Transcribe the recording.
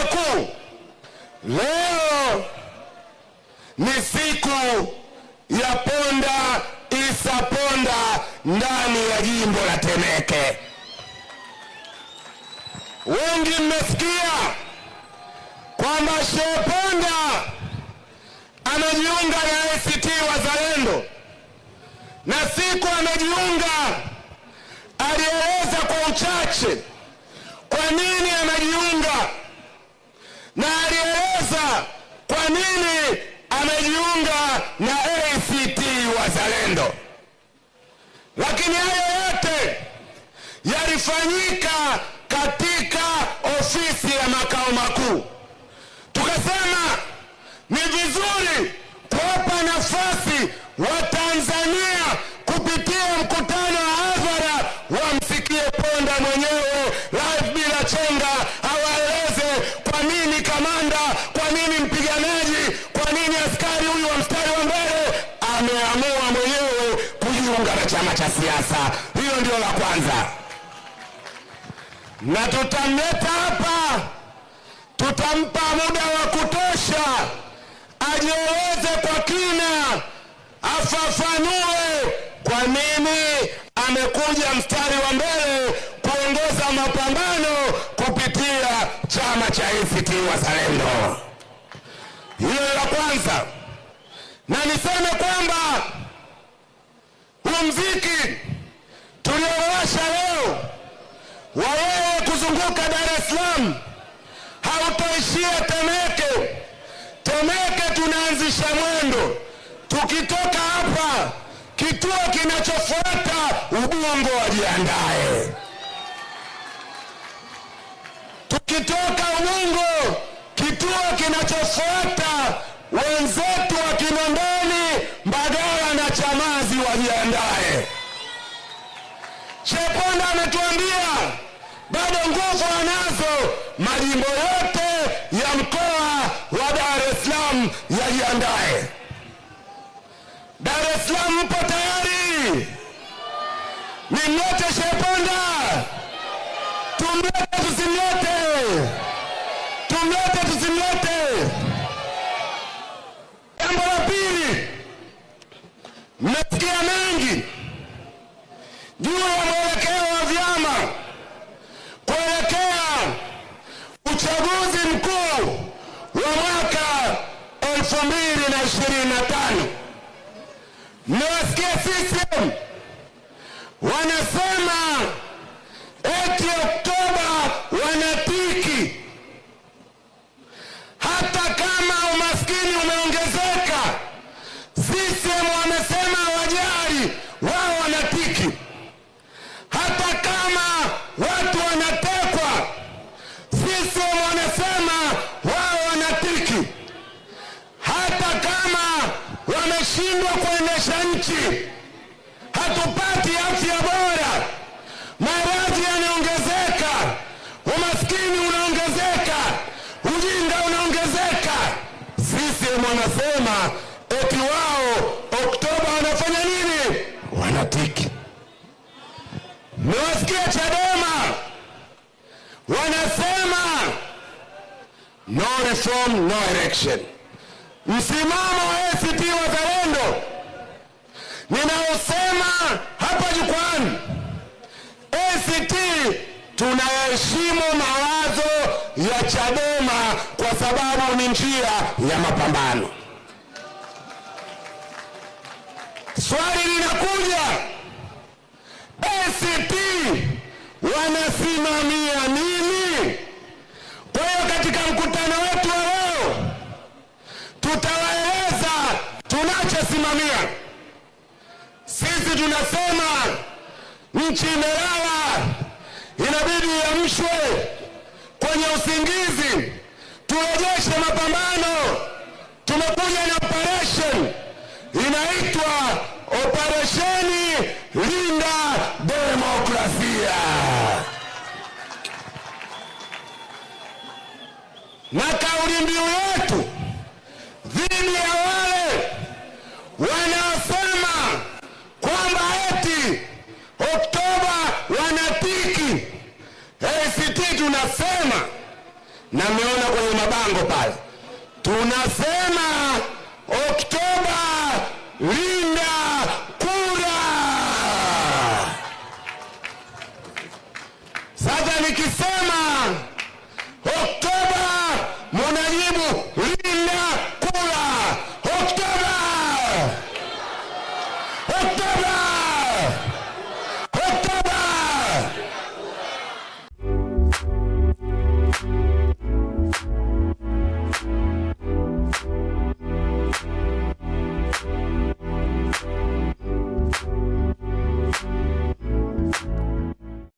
wakuu, leo ni siku ya Ponda Isa Ponda ndani ya jimbo la Temeke. Wengi mmesikia kwamba Shehe Ponda amejiunga na ACT Wazalendo, na siku amejiunga alieleza kwa uchache kujiunga na ACT Wazalendo, lakini hayo yote yalifanyika katika ofisi ya makao makuu. Tukasema ni vizuri kuwapa nafasi wa tanzania kupitia mkutano wa hadhara wamsikie Ponda mwenyewe live bila chenga. chama cha siasa. Hiyo ndio la kwanza, na tutamleta hapa, tutampa muda wa kutosha ajieleze kwa kina, afafanue kwa nini amekuja mstari wa mbele kuongoza mapambano kupitia chama cha ACT Wazalendo. Hiyo la kwanza, na niseme kwamba pumziki tuliowasha leo wawewe kuzunguka Dar es Salaam hautoishia Temeke. Temeke tunaanzisha mwendo, tukitoka hapa kituo kinachofuata Ubungo, wajiandae. Tukitoka Ubungo, kituo kinachofuata wenzetu wa Kinondoni, Mbagala Chamazi wajiandae. Sheponda ametuambia bado nguvu anazo, majimbo yote ya mkoa wa Dar es Salaam yajiandae. Dar es Salaam mpo tayari? Nimlete Sheponda, tumlete tusimlete? juu ya mwelekeo wa vyama kuelekea uchaguzi mkuu wa mwaka 2025. Mmewasikia sisi wanasema wanasema eti wao Oktoba wanafanya nini? Wanatiki. Mewasikia Chadema wanasema no reform no election. Msimamo wa ACT Wazalendo ninaosema hapa jukwani, ACT tunaheshimu mawazo Chadema kwa sababu ni njia ya mapambano. Swali linakuja, ACT wanasimamia nini? Kwa hiyo katika mkutano wetu wa leo tutawaeleza tunachosimamia sisi. Tunasema nchi imelala, inabidi iamshwe kwenye usingizi, turejeshe mapambano. Tumekuja na operation inaitwa operesheni linda demokrasia, na kauli mbiu yetu na mmeona kwenye mabango pale tunasema Oktoba